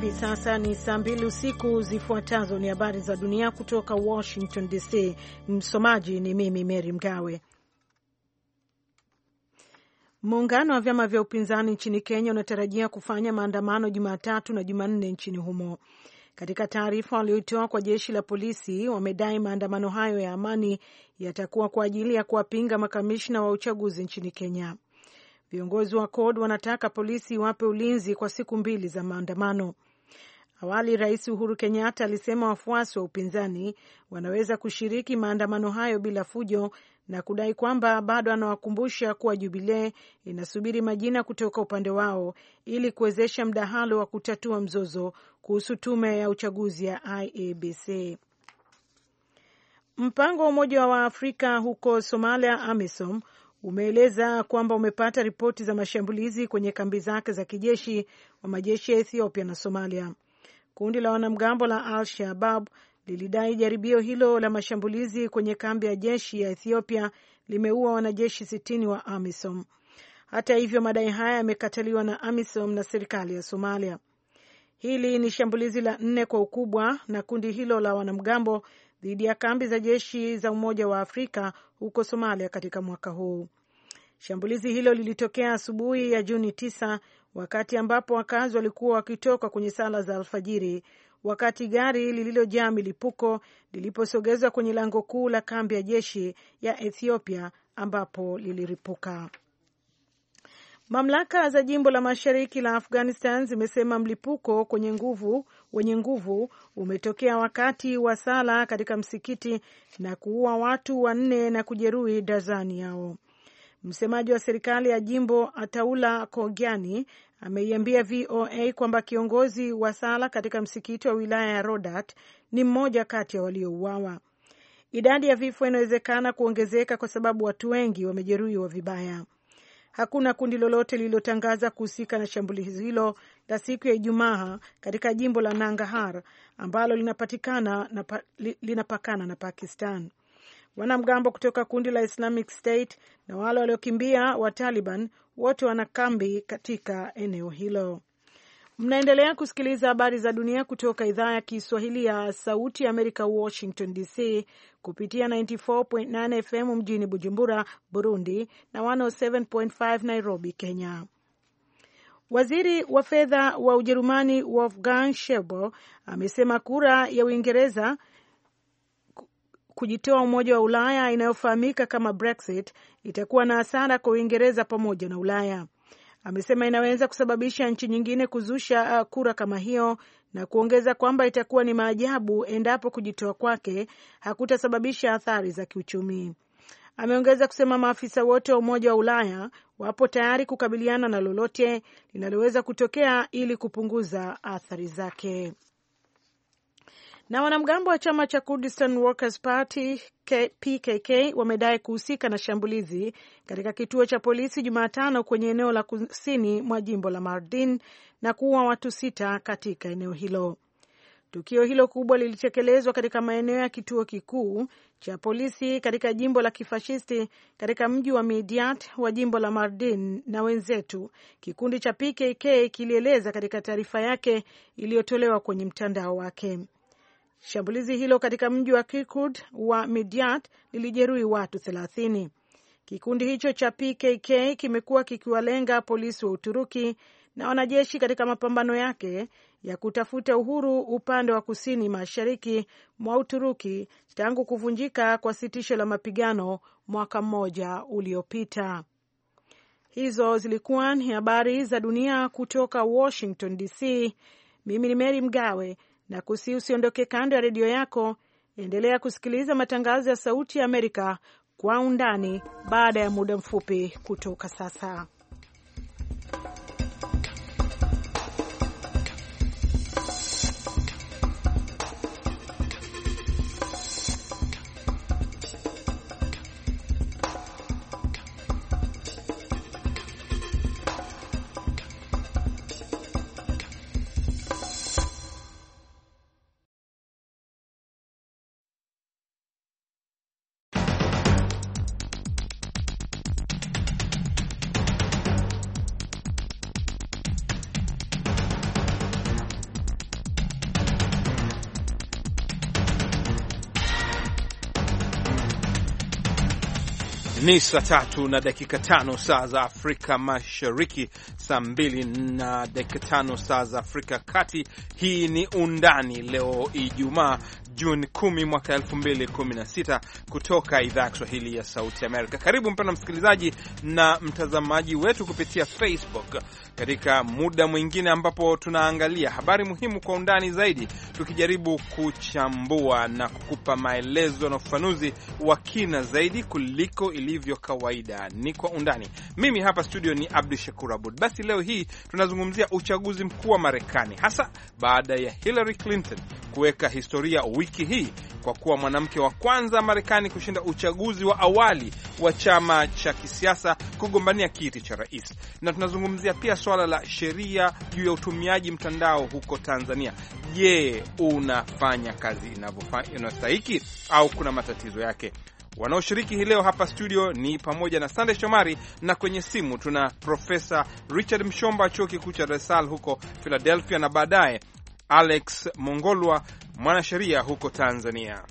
Hivi sasa ni saa mbili usiku. Zifuatazo ni habari za dunia kutoka Washington DC. Msomaji ni mimi Mary Mgawe. Muungano wa vyama vya upinzani nchini Kenya unatarajia kufanya maandamano Jumatatu na Jumanne nchini humo. Katika taarifa walioitoa kwa jeshi la polisi, wamedai maandamano hayo ya amani yatakuwa kwa ajili ya kuwapinga makamishna wa uchaguzi nchini Kenya. Viongozi wa CORD wanataka polisi iwape ulinzi kwa siku mbili za maandamano. Awali Rais Uhuru Kenyatta alisema wafuasi wa upinzani wanaweza kushiriki maandamano hayo bila fujo na kudai kwamba bado anawakumbusha kuwa Jubilee inasubiri majina kutoka upande wao ili kuwezesha mdahalo wa kutatua mzozo kuhusu tume ya uchaguzi ya IEBC. Mpango wa Umoja wa Afrika huko Somalia, AMISOM, umeeleza kwamba umepata ripoti za mashambulizi kwenye kambi zake za kijeshi wa majeshi ya Ethiopia na Somalia. Kundi la wanamgambo la Al Shabab lilidai jaribio hilo la mashambulizi kwenye kambi ya jeshi ya Ethiopia limeua wanajeshi sitini wa AMISOM. Hata hivyo, madai haya yamekataliwa na AMISOM na serikali ya Somalia. Hili ni shambulizi la nne kwa ukubwa na kundi hilo la wanamgambo dhidi ya kambi za jeshi za Umoja wa Afrika huko Somalia katika mwaka huu. Shambulizi hilo lilitokea asubuhi ya Juni 9 wakati ambapo wakazi walikuwa wakitoka kwenye sala za alfajiri, wakati gari lililojaa milipuko liliposogezwa kwenye lango kuu la kambi ya jeshi ya Ethiopia ambapo liliripuka. Mamlaka za jimbo la mashariki la Afghanistan zimesema mlipuko kwenye nguvu wenye nguvu umetokea wakati wa sala katika msikiti na kuua watu wanne na kujeruhi dazani yao. Msemaji wa serikali ya jimbo Ataula kogiani ameiambia VOA kwamba kiongozi wa sala katika msikiti wa wilaya ya Rodat ni mmoja kati ya waliouawa. Idadi ya vifo inawezekana kuongezeka kwa sababu watu wengi wamejeruhiwa vibaya. Hakuna kundi lolote lililotangaza kuhusika na shambulizi hilo la siku ya Ijumaa katika jimbo la nangahar ambalo linapakana na Pakistan. Wanamgambo kutoka kundi la Islamic State na wale waliokimbia wa Taliban wote wana kambi katika eneo hilo. Mnaendelea kusikiliza habari za dunia kutoka idhaa ya Kiswahili ya Sauti ya Amerika, Washington DC, kupitia 94.9 FM mjini Bujumbura, Burundi na 107.5 Nairobi, Kenya. Waziri wa fedha wa Ujerumani Wolfgang Schäuble amesema kura ya Uingereza kujitoa Umoja wa Ulaya inayofahamika kama Brexit itakuwa na hasara kwa Uingereza pamoja na Ulaya. Amesema inaweza kusababisha nchi nyingine kuzusha uh, kura kama hiyo na kuongeza kwamba itakuwa ni maajabu endapo kujitoa kwake hakutasababisha athari za kiuchumi. Ameongeza kusema maafisa wote wa Umoja wa Ulaya wapo tayari kukabiliana na lolote linaloweza kutokea ili kupunguza athari zake. Na wanamgambo wa chama cha Kurdistan Workers Party PKK wamedai kuhusika na shambulizi katika kituo cha polisi Jumatano kwenye eneo la kusini mwa jimbo la Mardin na kuua watu sita katika eneo hilo. Tukio hilo kubwa lilitekelezwa katika maeneo ya kituo kikuu cha polisi katika jimbo la kifashisti katika mji wa Midiat wa jimbo la Mardin na wenzetu, kikundi cha PKK kilieleza katika taarifa yake iliyotolewa kwenye mtandao wake. Shambulizi hilo katika mji wa Kirkuk wa Midyat lilijeruhi watu thelathini. Kikundi hicho cha PKK kimekuwa kikiwalenga polisi wa Uturuki na wanajeshi katika mapambano yake ya kutafuta uhuru upande wa kusini mashariki mwa Uturuki tangu kuvunjika kwa sitisho la mapigano mwaka mmoja uliopita. Hizo zilikuwa ni habari za dunia kutoka Washington DC. Mimi ni Mary Mgawe na kusi usiondoke kando ya redio yako. Endelea kusikiliza matangazo ya Sauti ya Amerika kwa undani baada ya muda mfupi kutoka sasa. Ni saa tatu na dakika tano saa za Afrika Mashariki, saa mbili na dakika tano saa za Afrika Kati. Hii ni Undani leo Ijumaa Juni 10 mwaka 2016 kutoka idhaa ya Kiswahili ya Sauti Amerika. Karibu mpendwa msikilizaji na mtazamaji wetu kupitia Facebook katika muda mwingine ambapo tunaangalia habari muhimu kwa undani zaidi, tukijaribu kuchambua na kukupa maelezo na ufafanuzi wa kina zaidi kuliko ilivyo kawaida. Ni kwa undani. Mimi hapa studio ni Abdu Shakur Abud. Basi leo hii tunazungumzia uchaguzi mkuu wa Marekani, hasa baada ya Hillary Clinton kuweka historia wiki wiki hii kwa kuwa mwanamke wa kwanza Marekani kushinda uchaguzi wa awali wa chama cha kisiasa kugombania kiti cha rais. Na tunazungumzia pia swala la sheria juu ya utumiaji mtandao huko Tanzania. Je, unafanya kazi inayostahiki au kuna matatizo yake? Wanaoshiriki hii leo hapa studio ni pamoja na Sande Shomari na kwenye simu tuna Profesa Richard Mshomba, chuo kikuu cha Dar es Salaam huko Philadelphia, na baadaye Alex Mongolwa mwanasheria huko Tanzania.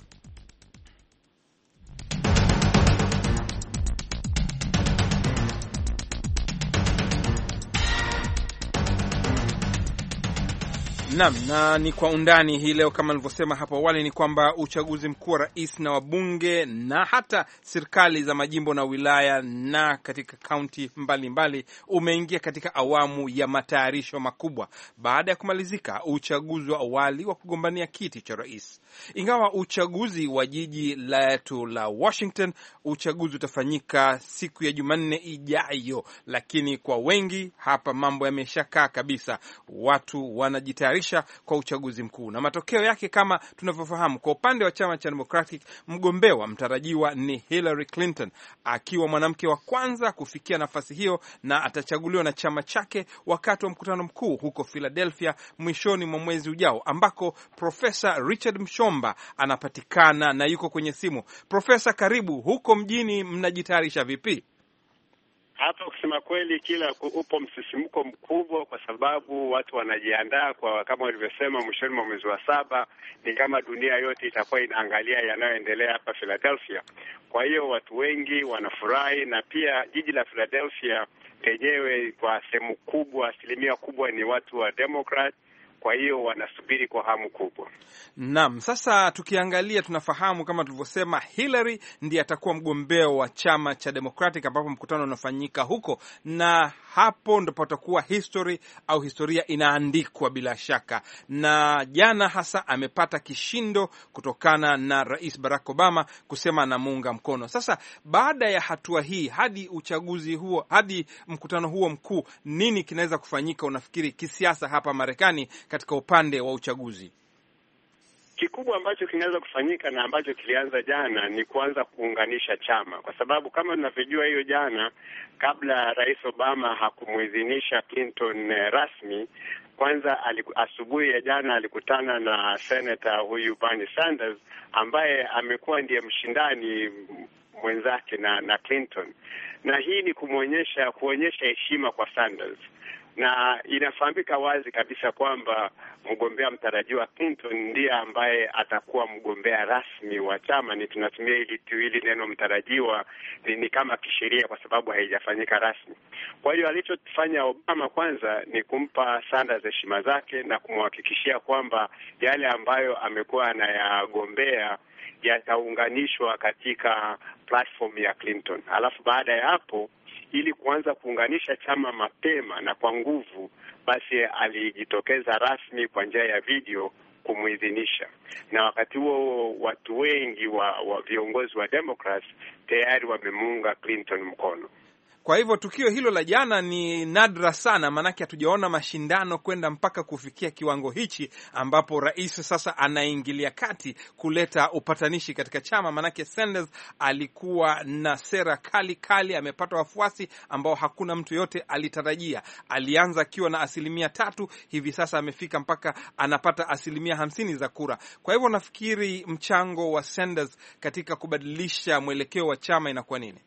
Naam, na ni kwa undani hii leo. Kama nilivyosema hapo awali, ni kwamba uchaguzi mkuu wa rais na wabunge na hata serikali za majimbo na wilaya na katika kaunti mbalimbali umeingia katika awamu ya matayarisho makubwa baada ya kumalizika uchaguzi wa awali wa kugombania kiti cha rais. Ingawa uchaguzi wa jiji letu la Washington, uchaguzi utafanyika siku ya Jumanne ijayo, lakini kwa wengi hapa mambo yameshakaa kabisa, watu wanajitayarisha kujiandikisha kwa uchaguzi mkuu, na matokeo yake kama tunavyofahamu, kwa upande wa chama cha Democratic mgombewa mtarajiwa ni Hillary Clinton akiwa mwanamke wa kwanza kufikia nafasi hiyo, na atachaguliwa na chama chake wakati wa mkutano mkuu huko Philadelphia mwishoni mwa mwezi ujao, ambako Profesa Richard Mshomba anapatikana na yuko kwenye simu. Profesa, karibu huko mjini, mnajitayarisha vipi? Hapa kusema kweli, kila upo msisimko mkubwa, kwa sababu watu wanajiandaa kwa, kama walivyosema, mwishoni mwa mwezi wa saba ni kama dunia yote itakuwa inaangalia yanayoendelea hapa Philadelphia. Kwa hiyo watu wengi wanafurahi, na pia jiji la Philadelphia lenyewe kwa sehemu kubwa, asilimia kubwa ni watu wa Democrat kwa hiyo wanasubiri kwa hamu kubwa. Naam, sasa tukiangalia, tunafahamu kama tulivyosema, Hillary ndiye atakuwa mgombea wa chama cha Democratic ambapo mkutano unafanyika huko, na hapo ndo patakuwa history au historia inaandikwa bila shaka. Na jana hasa amepata kishindo kutokana na Rais Barack Obama kusema anamuunga mkono. Sasa baada ya hatua hii hadi uchaguzi huo, hadi mkutano huo mkuu, nini kinaweza kufanyika unafikiri kisiasa hapa Marekani? katika upande wa uchaguzi? Kikubwa ambacho kinaweza kufanyika na ambacho kilianza jana ni kuanza kuunganisha chama, kwa sababu kama tunavyojua, hiyo jana, kabla Rais Obama hakumwidhinisha Clinton eh, rasmi, kwanza aliku, asubuhi ya jana alikutana na senata huyu Bernie Sanders ambaye amekuwa ndiye mshindani mwenzake na na Clinton, na hii ni kumwonyesha kuonyesha heshima kwa Sanders na inafahamika wazi kabisa kwamba mgombea mtarajiwa Clinton ndiye ambaye atakuwa mgombea rasmi wa chama. Ni tunatumia hili tu hili neno mtarajiwa ni, ni kama kisheria, kwa sababu haijafanyika rasmi. Kwa hiyo alichofanya Obama kwanza ni kumpa Sanders heshima zake na kumhakikishia kwamba yale ambayo amekuwa anayagombea yataunganishwa katika platform ya Clinton. Alafu baada ya hapo ili kuanza kuunganisha chama mapema na kwa nguvu, basi alijitokeza rasmi kwa njia ya video kumuidhinisha. Na wakati huo watu wengi wa, wa viongozi wa Democrats tayari wamemuunga Clinton mkono. Kwa hivyo tukio hilo la jana ni nadra sana, maanake hatujaona mashindano kwenda mpaka kufikia kiwango hichi, ambapo rais sasa anaingilia kati kuleta upatanishi katika chama, maanake Sanders alikuwa na sera kali kali, amepata wafuasi ambao hakuna mtu yote alitarajia. Alianza akiwa na asilimia tatu, hivi sasa amefika mpaka anapata asilimia hamsini za kura. Kwa hivyo nafikiri mchango wa Sanders katika kubadilisha mwelekeo wa chama inakuwa nini?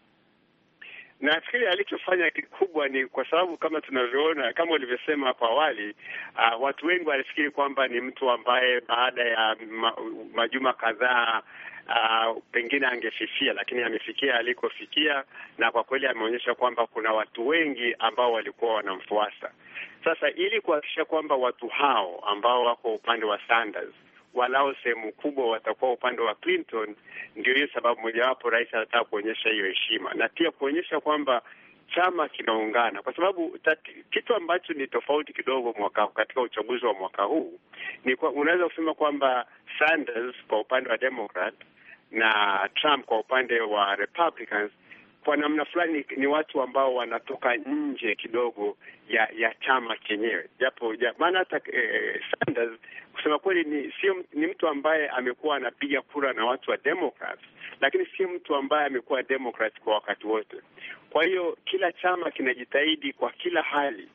Nafikiri alichofanya kikubwa ni kwa sababu kama tunavyoona, kama ulivyosema hapo awali, uh, watu wengi walifikiri kwamba ni mtu ambaye baada ya ma, majuma kadhaa Uh, pengine angefifia, lakini amefikia alikofikia, na kwa kweli ameonyesha kwamba kuna watu wengi ambao walikuwa wanamfuasa. Sasa ili kuhakikisha kwamba watu hao ambao wako upande wa Sanders walao sehemu kubwa watakuwa upande wa Clinton. Ndio hiyo sababu mojawapo rais anataka kuonyesha hiyo heshima na pia kuonyesha kwamba chama kinaungana kwa sababu tati, kitu ambacho ni tofauti kidogo mwaka katika uchaguzi wa mwaka huu ni kwa, unaweza kusema kwamba Sanders kwa upande wa Democrat na Trump kwa upande wa Republicans kwa namna fulani ni watu ambao wanatoka nje kidogo ya ya chama chenyewe, japo maana hata eh, Sanders kusema kweli ni sio, ni mtu ambaye amekuwa anapiga kura na watu wa Democrats, lakini si mtu ambaye amekuwa Democrat kwa wakati wote. Kwa hiyo kila chama kinajitahidi kwa kila hali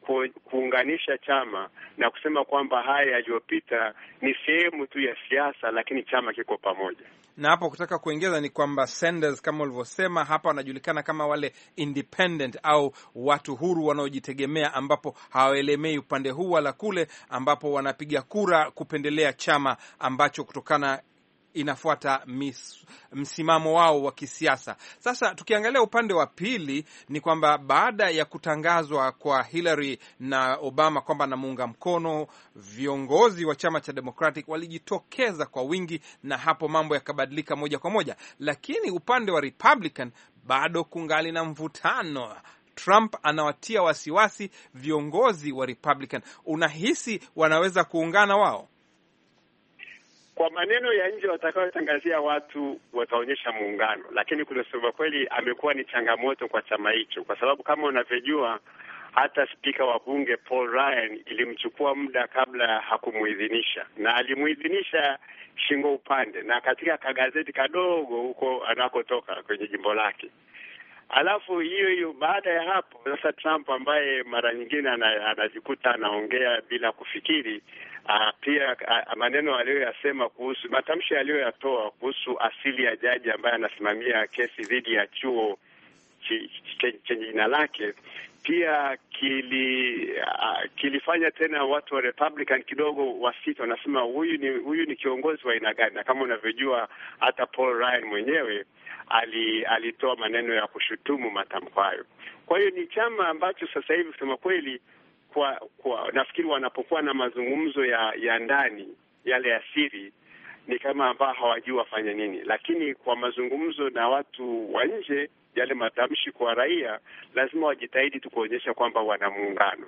ku, kuunganisha chama na kusema kwamba haya yaliyopita ni sehemu tu ya siasa, lakini chama kiko pamoja na hapo kutaka kuongeza ni kwamba Sanders kama ulivyosema hapa, wanajulikana kama wale independent au watu huru wanaojitegemea, ambapo hawaelemei upande huu wala kule, ambapo wanapiga kura kupendelea chama ambacho kutokana inafuata mis, msimamo wao wa kisiasa. Sasa tukiangalia upande wa pili ni kwamba baada ya kutangazwa kwa Hillary na Obama kwamba anamuunga mkono, viongozi wa chama cha Democratic walijitokeza kwa wingi, na hapo mambo yakabadilika moja kwa moja, lakini upande wa Republican bado kungali na mvutano. Trump anawatia wasiwasi viongozi wa Republican. Unahisi wanaweza kuungana wao? kwa maneno ya nje watakayotangazia watu wataonyesha muungano, lakini kusema kweli amekuwa ni changamoto kwa chama hicho, kwa sababu kama unavyojua hata spika wa bunge Paul Ryan ilimchukua muda kabla hakumuidhinisha, na alimuidhinisha shingo upande, na katika kagazeti kadogo huko anakotoka kwenye jimbo lake Alafu hiyo hiyo, baada ya hapo sasa, Trump ambaye mara nyingine anajikuta anaongea bila kufikiri a, ah, pia a, ah, maneno aliyoyasema kuhusu matamshi aliyoyatoa kuhusu asili ya jaji ambaye anasimamia kesi dhidi ya chuo chenye jina lake pia kili, uh, kilifanya tena watu wa Republican kidogo wasita, wanasema huyu ni huyu ni kiongozi wa aina gani? Na kama unavyojua hata Paul Ryan mwenyewe ali, alitoa maneno ya kushutumu matamko hayo. Kwa hiyo ni chama ambacho sasa hivi kusema kweli, kwa, kwa nafikiri wanapokuwa na mazungumzo ya, ya ndani yale ya siri ni kama ambao hawajui wafanye nini, lakini kwa mazungumzo na watu wa nje yale matamshi kwa raia, lazima wajitahidi tu kuonyesha kwamba wana muungano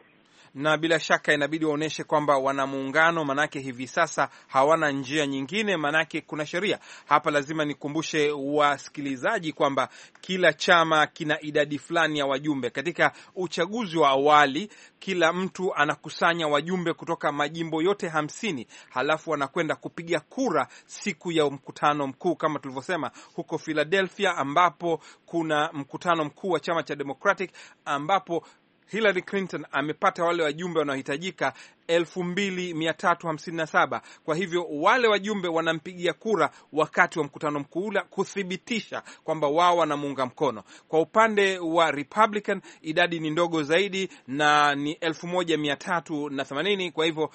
na bila shaka inabidi waonyeshe kwamba wana muungano, manake hivi sasa hawana njia nyingine, manake kuna sheria hapa. Lazima nikumbushe wasikilizaji kwamba kila chama kina idadi fulani ya wajumbe. Katika uchaguzi wa awali, kila mtu anakusanya wajumbe kutoka majimbo yote hamsini, halafu wanakwenda kupiga kura siku ya mkutano mkuu kama tulivyosema huko Philadelphia, ambapo kuna mkutano mkuu wa chama cha Democratic ambapo Hillary Clinton amepata wale wajumbe wanaohitajika 2357 kwa hivyo wale wajumbe wanampigia kura wakati wa mkutano mkuu ule kuthibitisha kwamba wao wanamuunga mkono. Kwa upande wa Republican idadi ni ndogo zaidi na ni 1380 kwa hivyo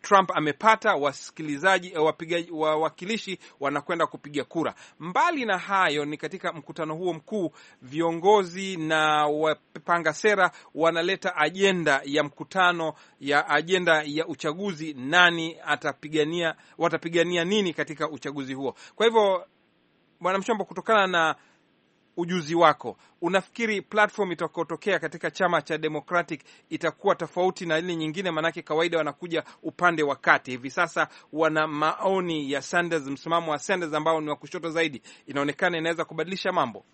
Trump amepata wasikilizaji, eh, wawakilishi wanakwenda kupiga kura. Mbali na hayo, ni katika mkutano huo mkuu viongozi na wapanga sera wanaleta ajenda ya mkutano ya ajenda ya uchaguzi, nani atapigania, watapigania nini katika uchaguzi huo. Kwa hivyo, Bwana Mchombo, kutokana na ujuzi wako, unafikiri platform itakotokea katika chama cha Democratic itakuwa tofauti na ile nyingine? Maanake kawaida wanakuja upande wa kati. Hivi sasa wana maoni ya Sanders, msimamo wa Sanders ambao ni wa kushoto zaidi, inaonekana inaweza kubadilisha mambo.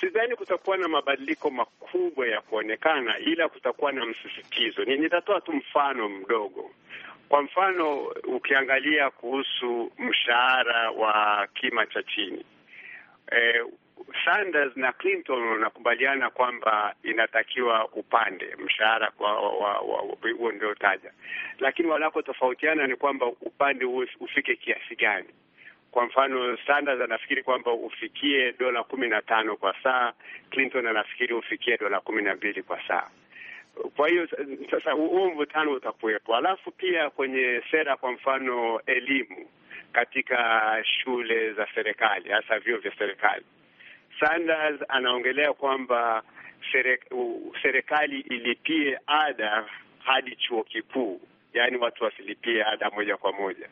Sidhani kutakuwa na mabadiliko makubwa ya kuonekana, ila kutakuwa na msisitizo. Nitatoa tu mfano mdogo. Kwa mfano, ukiangalia kuhusu mshahara wa kima cha chini eh, Sanders na Clinton wanakubaliana kwamba inatakiwa upande mshahara kwa huo ndio taja, lakini wanakotofautiana ni kwamba upande huo ufike kiasi gani. Kwa mfano, Sanders anafikiri kwamba ufikie dola kumi na tano kwa saa, Clinton anafikiri ufikie dola kumi na mbili kwa saa. Kwa hiyo sasa huo mvutano utakuwepo. Alafu pia kwenye sera, kwa mfano elimu katika shule za serikali, hasa vyuo vya serikali. Sanders anaongelea kwamba serikali ilipie ada hadi chuo kikuu, yaani watu wasilipie ada moja kwa moja.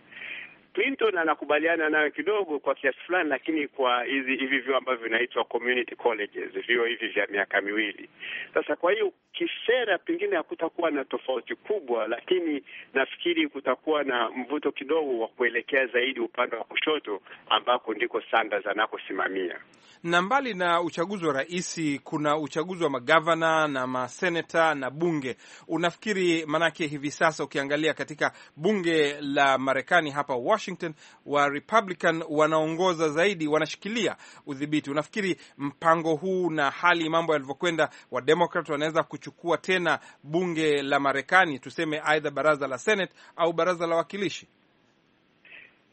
Clinton anakubaliana nayo kidogo kwa kiasi fulani, lakini kwa hizi hivi vyuo ambavyo vinaitwa community colleges, vyuo hivi vya miaka miwili sasa. Kwa hiyo kisera pengine hakutakuwa na tofauti kubwa, lakini nafikiri kutakuwa na mvuto kidogo wa kuelekea zaidi upande wa kushoto ambako ndiko Sanders anakosimamia. Na mbali na uchaguzi wa rais, kuna uchaguzi wa magavana na maseneta na bunge. Unafikiri manake hivi sasa ukiangalia katika bunge la Marekani hapa Washington, Washington wa Republican wanaongoza zaidi, wanashikilia udhibiti. Unafikiri mpango huu na hali mambo yalivyokwenda, wa Democrat wanaweza kuchukua tena bunge la Marekani, tuseme aidha baraza la Senate au baraza la wakilishi?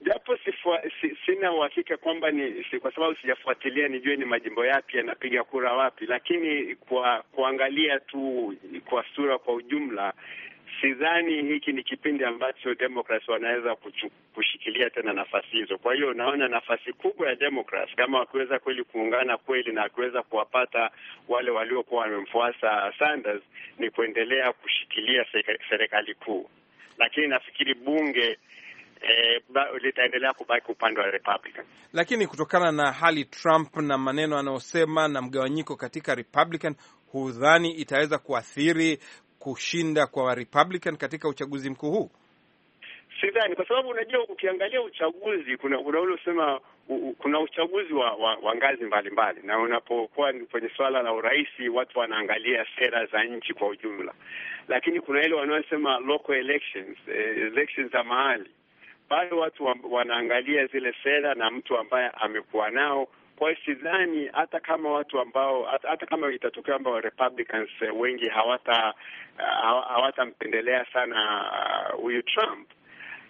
Japo si, sina uhakika kwamba ni si, kwa sababu sijafuatilia nijue ni majimbo yapi yanapiga kura wapi, lakini kwa kuangalia tu kwa sura kwa ujumla sidhani hiki ni kipindi ambacho Democrats wanaweza kushikilia tena nafasi hizo. Kwa hiyo naona nafasi kubwa ya Democrats kama wakiweza kweli kuungana kweli na wakiweza kuwapata wale waliokuwa wamemfuasa Sanders ni kuendelea kushikilia serikali kuu, lakini nafikiri bunge E, litaendelea kubaki upande wa Republican, lakini kutokana na hali Trump na maneno anayosema na mgawanyiko katika Republican, hudhani itaweza kuathiri kushinda kwa Republican katika uchaguzi mkuu huu? Sidhani, kwa sababu unajua, ukiangalia uchaguzi kuna usema kuna uchaguzi wa, wa, wa ngazi mbalimbali, na unapokuwa kwenye swala la urais watu wanaangalia sera za nchi kwa ujumla, lakini kuna ile wanaosema local elections, eh, elections za mahali, bado watu wa, wanaangalia zile sera na mtu ambaye amekuwa nao kwa hiyo sidhani hata kama watu ambao hata kama itatokea kwamba wa Republicans wengi hawata uh, hawatampendelea sana uh, huyu Trump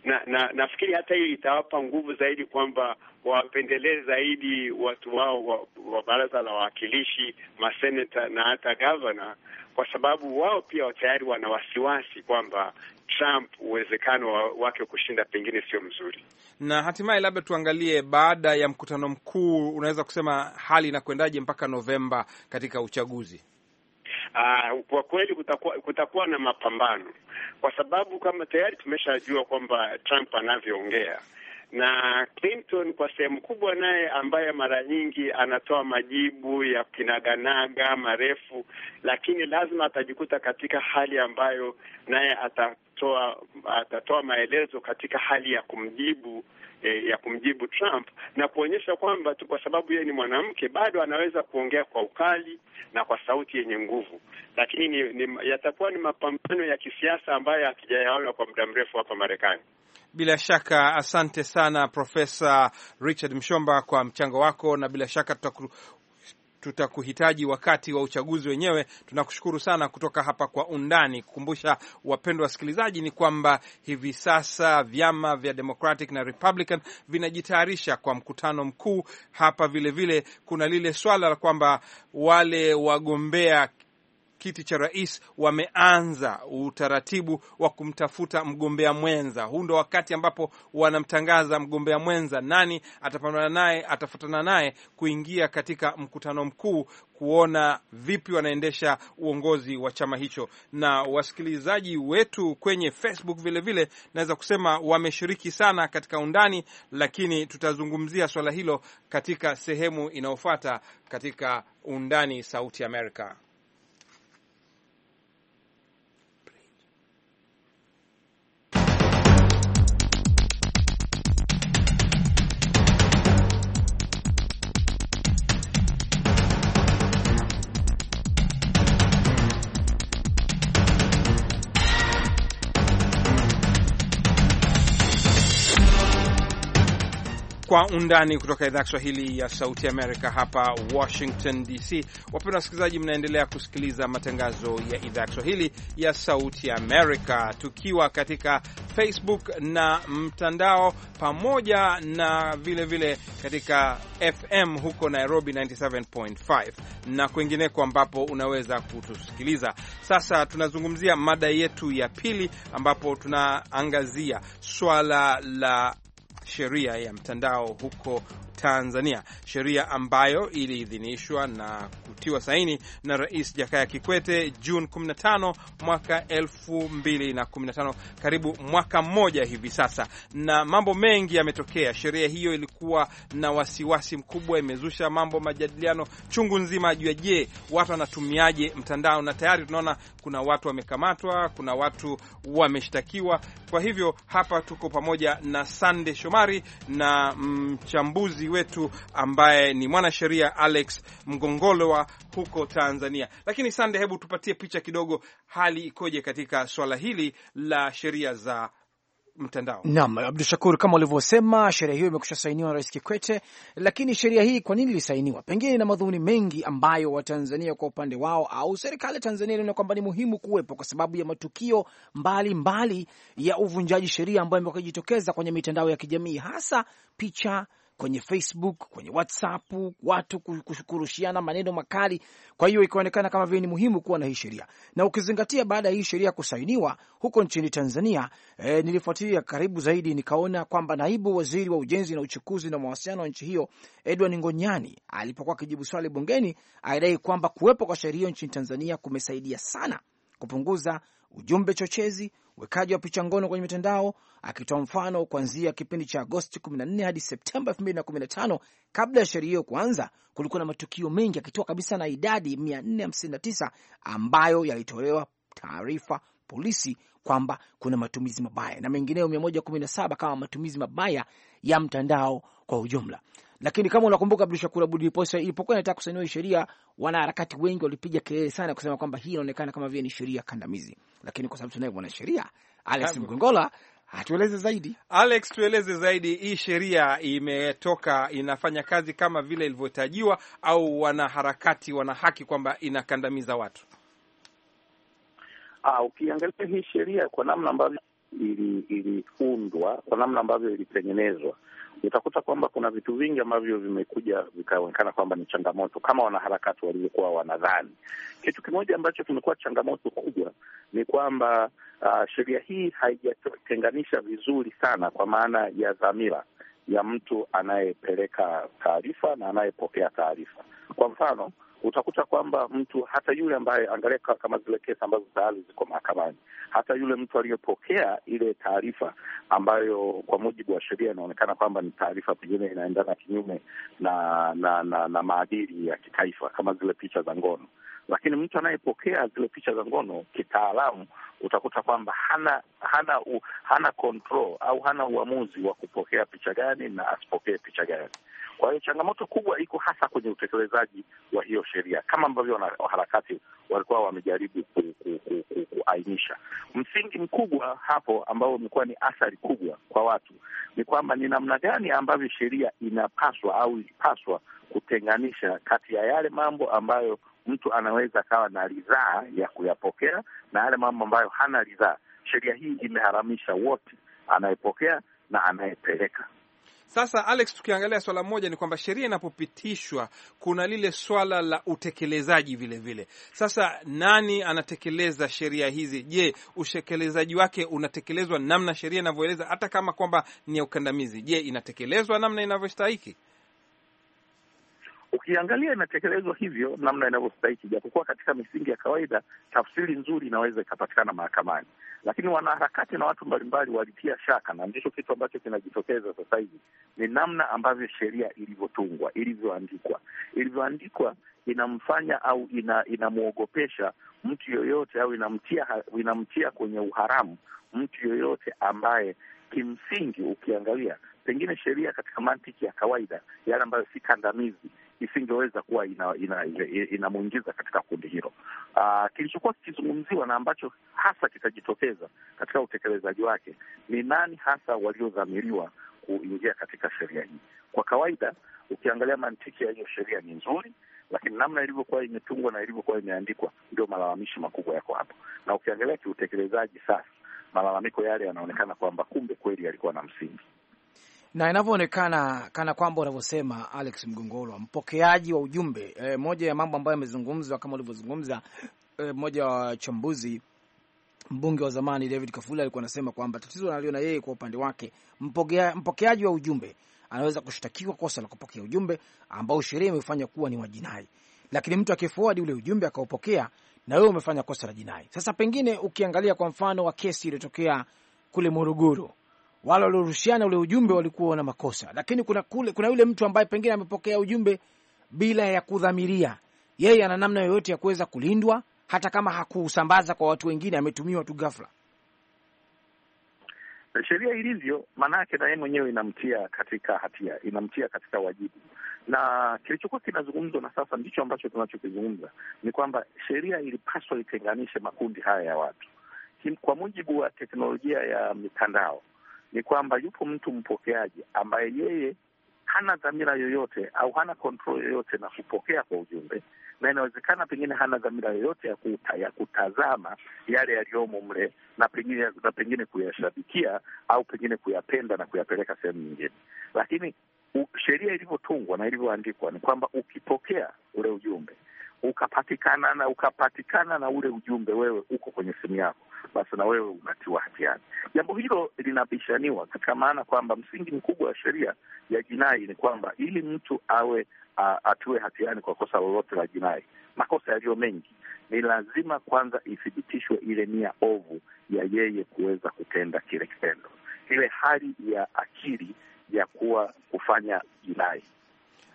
na, na nafikiri hata hiyo itawapa nguvu zaidi kwamba wapendelee zaidi watu wao wa, wa baraza la wawakilishi, maseneta na hata gavana, kwa sababu wao pia tayari wana wasiwasi kwamba Trump uwezekano wake kushinda pengine sio mzuri. Na hatimaye labda tuangalie baada ya mkutano mkuu, unaweza kusema hali inakwendaje mpaka Novemba katika uchaguzi. Uh, kwa kweli kutakuwa, kutakuwa na mapambano kwa sababu kama tayari tumeshajua kwamba Trump anavyoongea na Clinton kwa sehemu kubwa naye, ambaye mara nyingi anatoa majibu ya kinaganaga marefu, lakini lazima atajikuta katika hali ambayo naye atatoa atatoa maelezo katika hali ya kumjibu eh, ya kumjibu Trump na kuonyesha kwamba tu kwa sababu yeye ni mwanamke bado anaweza kuongea kwa ukali na kwa sauti yenye nguvu, lakini ni, ni, yatakuwa ni mapambano ya kisiasa ambayo hatujayaona kwa muda mrefu hapa Marekani. Bila shaka asante sana Profesa Richard Mshomba kwa mchango wako, na bila shaka tutaku tutakuhitaji wakati wa uchaguzi wenyewe. Tunakushukuru sana kutoka hapa kwa undani. Kukumbusha wapendwa wasikilizaji ni kwamba hivi sasa vyama vya Democratic na Republican vinajitayarisha kwa mkutano mkuu hapa. Vilevile vile, kuna lile swala la kwamba wale wagombea kiti cha rais wameanza utaratibu wa kumtafuta mgombea mwenza. Huu ndo wakati ambapo wanamtangaza mgombea mwenza, nani atapambana naye, atafuatana naye kuingia katika mkutano mkuu, kuona vipi wanaendesha uongozi wa chama hicho. Na wasikilizaji wetu kwenye Facebook vilevile, naweza kusema wameshiriki sana katika undani, lakini tutazungumzia swala hilo katika sehemu inayofuata katika undani Sauti Amerika. Kwa Undani kutoka idhaa ya Kiswahili ya Sauti Amerika hapa Washington DC. wapenda wasikilizaji, mnaendelea kusikiliza matangazo ya idhaa ya Kiswahili ya Sauti Amerika, tukiwa katika Facebook na mtandao pamoja na vilevile vile katika FM huko Nairobi 97.5 na kwingineko ambapo unaweza kutusikiliza. Sasa tunazungumzia mada yetu ya pili, ambapo tunaangazia swala la sheria ya mtandao huko Tanzania, sheria ambayo iliidhinishwa na yaliyotiwa saini na Rais Jakaya Kikwete Juni 15 mwaka 2015, karibu mwaka mmoja hivi sasa, na mambo mengi yametokea. Sheria hiyo ilikuwa na wasiwasi mkubwa, imezusha mambo, majadiliano chungu nzima juu ya je, watu wanatumiaje mtandao, na tayari tunaona kuna watu wamekamatwa, kuna watu wameshtakiwa. Kwa hivyo hapa tuko pamoja na Sande Shomari na mchambuzi wetu ambaye ni mwanasheria Alex Mgongolwa huko Tanzania. Lakini Sande, hebu tupatie picha kidogo, hali ikoje katika swala hili la sheria za mtandao. Naam, Abdu Shakur, kama ulivyosema, sheria hiyo imekusha sainiwa na Rais Kikwete. Lakini sheria hii kwa nini ilisainiwa? Pengine ina madhumuni mengi ambayo Watanzania kwa upande wao au serikali ya Tanzania inaona kwamba ni muhimu kuwepo kwa sababu ya matukio mbalimbali mbali ya uvunjaji sheria ambayo imekuwa ikijitokeza kwenye mitandao ya kijamii, hasa picha kwenye Facebook, kwenye WhatsApp, watu kurushiana maneno makali. Kwa hiyo ikaonekana kama vile ni muhimu kuwa na hii sheria, na ukizingatia baada ya hii sheria kusainiwa huko nchini Tanzania, e, nilifuatilia karibu zaidi, nikaona kwamba naibu waziri wa ujenzi na uchukuzi na mawasiliano wa nchi hiyo Edward Ngonyani alipokuwa akijibu swali bungeni, alidai kwamba kuwepo kwa sheria nchini Tanzania kumesaidia sana kupunguza ujumbe chochezi, uwekaji wa picha ngono kwenye mitandao, akitoa mfano kuanzia kipindi cha Agosti 14 hadi Septemba 2015. Kabla ya sheria hiyo kuanza, kulikuwa na matukio mengi, akitoa kabisa na idadi 459 ambayo yalitolewa taarifa polisi kwamba kuna matumizi mabaya na mengineyo 117 kama matumizi mabaya ya mtandao kwa ujumla. Lakini kama unakumbuka Abdu Shakur Abud, ilipokuwa inataka kusainiwa hii sheria, wanaharakati wengi walipiga kelele sana kusema kwamba hii inaonekana kama vile ni sheria kandamizi. Lakini kwa sababu tunaye mwanasheria Alex Mgongola Atueleze zaidi Alex, tueleze zaidi hii sheria imetoka, inafanya kazi kama vile ilivyotajiwa, au wanaharakati wana haki kwamba inakandamiza watu? Ah, ukiangalia hii sheria kwa namna ambavyo iliundwa, ili kwa namna ambavyo ilitengenezwa, utakuta kwamba kuna vitu vingi ambavyo vimekuja vikaonekana kwamba ni changamoto kama wanaharakati walivyokuwa wanadhani. Kitu kimoja ambacho kimekuwa changamoto kubwa ni kwamba uh, sheria hii haijatenganisha vizuri sana kwa maana ya dhamira ya mtu anayepeleka taarifa na anayepokea taarifa. Kwa mfano utakuta kwamba mtu hata yule ambaye, angalia kama zile kesi ambazo tayari ziko mahakamani, hata yule mtu aliyepokea ile taarifa ambayo kwa mujibu wa sheria inaonekana kwamba ni taarifa pengine inaendana kinyume na na, na na maadili ya kitaifa kama zile picha za ngono lakini mtu anayepokea zile picha za ngono kitaalamu utakuta kwamba hana hana u, hana control au hana uamuzi wa kupokea picha gani na asipokee picha gani. Kwa hiyo changamoto kubwa iko hasa kwenye utekelezaji wa hiyo sheria, kama ambavyo wanaharakati walikuwa wamejaribu kuainisha. Msingi mkubwa hapo ambao umekuwa ni athari kubwa kwa watu ni kwamba ni namna gani ambavyo sheria inapaswa au ilipaswa kutenganisha kati ya yale mambo ambayo mtu anaweza akawa na ridhaa ya kuyapokea na yale mambo ambayo hana ridhaa. Sheria hii imeharamisha wote, anayepokea na anayepeleka. Sasa Alex, tukiangalia swala moja ni kwamba sheria inapopitishwa kuna lile swala la utekelezaji vilevile vile. Sasa nani anatekeleza sheria hizi? Je, utekelezaji wake unatekelezwa namna sheria inavyoeleza, hata kama kwamba ni ya ukandamizi? Je, inatekelezwa namna inavyostahiki? ukiangalia inatekelezwa hivyo namna inavyostahiki, japokuwa katika misingi ya kawaida tafsiri nzuri inaweza ikapatikana mahakamani, lakini wanaharakati na watu mbalimbali walitia shaka, na ndicho kitu ambacho kinajitokeza sasa hivi ni namna ambavyo sheria ilivyotungwa, ilivyoandikwa, ilivyoandikwa inamfanya au ina, inamwogopesha mtu yoyote au inamtia inamtia kwenye uharamu mtu yoyote ambaye kimsingi ukiangalia pengine sheria katika mantiki ya kawaida yale ambayo si kandamizi isingeweza kuwa inamwingiza ina, ina, ina katika kundi hilo. Ah, kilichokuwa kikizungumziwa na ambacho hasa kitajitokeza katika utekelezaji wake ni nani hasa waliodhamiriwa kuingia katika sheria hii. Kwa kawaida, ukiangalia mantiki ya hiyo sheria ni nzuri, lakini namna ilivyokuwa imetungwa na ilivyokuwa imeandikwa ndio malalamishi makubwa yako hapo, na ukiangalia kiutekelezaji sasa, malalamiko yale yanaonekana kwamba kumbe kweli yalikuwa na msingi na inavyoonekana kana kwamba unavyosema Alex Mgongolwa, mpokeaji wa ujumbe e, moja ya mambo ambayo yamezungumzwa kama ulivyozungumza e, eh, moja wa wachambuzi mbunge wa zamani David Kafula alikuwa anasema kwamba tatizo analiona yeye kwa upande wake, mpokea, mpokeaji wa ujumbe anaweza kushtakiwa kosa la kupokea ujumbe ambao sheria imefanya kuwa ni wa jinai, lakini mtu akifuadi ule ujumbe akaupokea, na wewe umefanya kosa la jinai. Sasa pengine ukiangalia kwa mfano wa kesi iliyotokea kule Morogoro wale waliorushiana ule ujumbe walikuwa na makosa, lakini kuna, kule, kuna yule mtu ambaye pengine amepokea ujumbe bila ya kudhamiria, yeye ana namna yoyote ya kuweza kulindwa hata kama hakuusambaza kwa watu wengine, ametumiwa tu ghafla. Sheria ilivyo, maana yake na yeye mwenyewe inamtia katika hatia, inamtia katika wajibu, na kilichokuwa kinazungumzwa na sasa ndicho ambacho tunachokizungumza ni kwamba sheria ilipaswa itenganishe makundi haya ya watu. Kwa mujibu wa teknolojia ya mitandao ni kwamba yupo mtu mpokeaji ambaye yeye hana dhamira yoyote au hana kontrol yoyote na kupokea kwa ujumbe, na inawezekana pengine hana dhamira yoyote ya, kuta, ya kutazama yale yaliyomo mle na pengine na pengine kuyashabikia au pengine kuyapenda na kuyapeleka sehemu nyingine. Lakini sheria ilivyotungwa na ilivyoandikwa ni kwamba ukipokea ule ujumbe ukapatikana na ukapatikana na ule ujumbe, wewe uko kwenye simu yako basi na wewe unatiwa hatiani. Jambo hilo linabishaniwa katika maana kwamba msingi mkubwa wa sheria ya jinai ni kwamba ili mtu awe a, atiwe hatiani kwa kosa lolote la jinai, makosa yaliyo mengi, ni lazima kwanza ithibitishwe ile nia ovu ya yeye kuweza kutenda kile kitendo, ile hali ya akili ya kuwa kufanya jinai.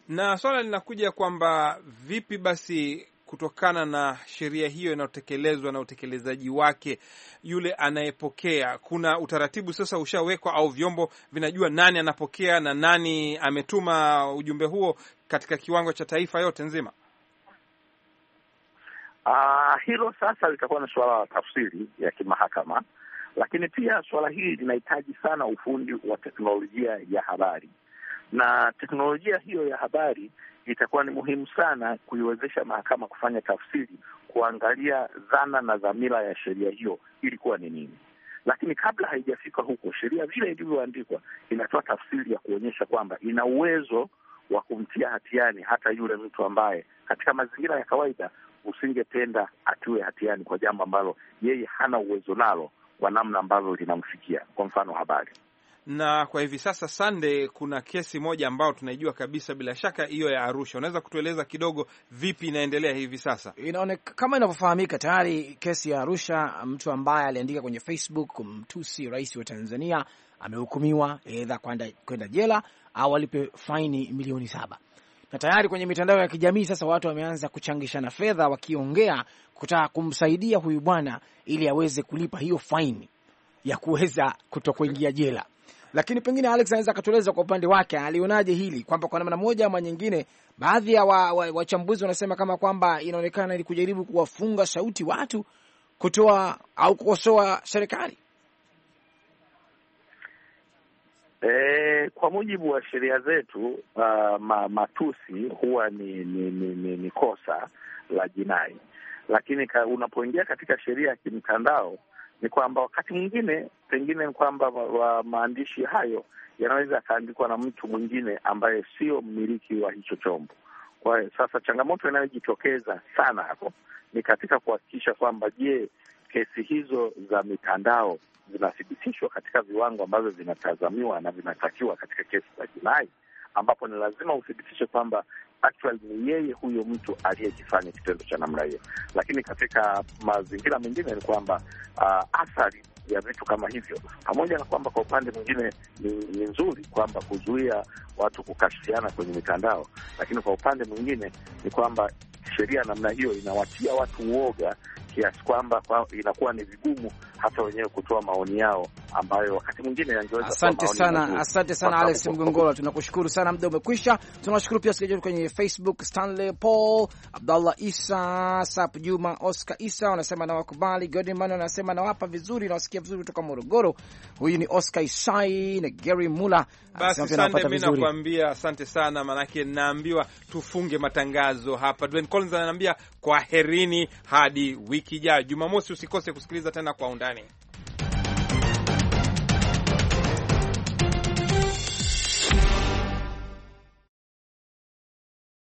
Na swala linakuja kwamba vipi basi kutokana na sheria hiyo inayotekelezwa na utekelezaji wake, yule anayepokea, kuna utaratibu sasa ushawekwa au vyombo vinajua nani anapokea na nani ametuma ujumbe huo katika kiwango cha taifa yote nzima? Uh, hilo sasa litakuwa ni suala la tafsiri ya kimahakama, lakini pia suala hili linahitaji sana ufundi wa teknolojia ya habari na teknolojia hiyo ya habari itakuwa ni muhimu sana kuiwezesha mahakama kufanya tafsiri, kuangalia dhana na dhamira ya sheria hiyo ilikuwa ni nini. Lakini kabla haijafika huko, sheria vile ilivyoandikwa inatoa tafsiri ya kuonyesha kwamba ina uwezo wa kumtia hatiani hata yule mtu ambaye katika mazingira ya kawaida usingependa atiwe hatiani kwa jambo ambalo yeye hana uwezo nalo kwa namna ambavyo linamfikia, kwa mfano habari na kwa hivi sasa Sande, kuna kesi moja ambayo tunaijua kabisa bila shaka, hiyo ya Arusha. Unaweza kutueleza kidogo, vipi inaendelea hivi sasa? Inaonekana kama inavyofahamika tayari, kesi ya Arusha, mtu ambaye aliandika kwenye Facebook kumtusi rais wa Tanzania amehukumiwa edha kwenda jela au alipe faini milioni saba na tayari kwenye mitandao ya kijamii sasa watu wameanza kuchangishana fedha, wakiongea kutaka kumsaidia huyu bwana ili aweze kulipa hiyo faini ya kuweza kutokuingia jela. Lakini pengine Alex anaweza akatueleza kwa upande wake alionaje hili kwamba kwa namna moja ama nyingine, baadhi ya wachambuzi wa, wachambuzi wanasema kama kwamba inaonekana ili kujaribu kuwafunga sauti watu kutoa au kukosoa serikali. E, kwa mujibu wa sheria zetu uh, ma, matusi huwa ni ni, ni, ni ni kosa la jinai, lakini ka, unapoingia katika sheria ya kimtandao ni kwamba wakati mwingine pengine ni kwamba wa maandishi hayo yanaweza yakaandikwa na mtu mwingine ambaye sio mmiliki wa hicho chombo. Kwa hiyo sasa, changamoto inayojitokeza sana hapo ni katika kuhakikisha kwamba, je, kesi hizo za mitandao zinathibitishwa katika viwango ambavyo vinatazamiwa na vinatakiwa katika kesi za jinai, ambapo ni lazima uthibitishe kwamba actual ni yeye huyo mtu aliyejifanya kitendo cha namna hiyo. Lakini katika mazingira mengine ni kwamba uh, athari ya vitu kama hivyo, pamoja na kwamba kwa upande mwingine ni, ni nzuri kwamba kuzuia watu kukashiana kwenye mitandao, lakini kwa upande mwingine ni kwamba sheria namna hiyo inawatia watu uoga kiasi kwamba kwa inakuwa ni vigumu hata wenyewe kutoa maoni yao ambayo wakati mwingine yangeweza. Asante sana, asante sana Alex Mgongola, tunakushukuru sana, muda umekwisha. Tunawashukuru pia wasikilizaji kwenye Facebook, Stanley Paul, Abdallah Isa, Sap Juma, Oscar Isa wanasema nawakubali. Godman anasema nawapa vizuri, nawasikia vizuri kutoka Morogoro. Huyu ni Oscar Isai na Gary Mula. Basi sande, mi nakuambia asante sana, maanake naambiwa tufunge matangazo hapa Dwayne Collins ananiambia kwaherini hadi wiki ijayo Jumamosi. Usikose kusikiliza tena kwa undani.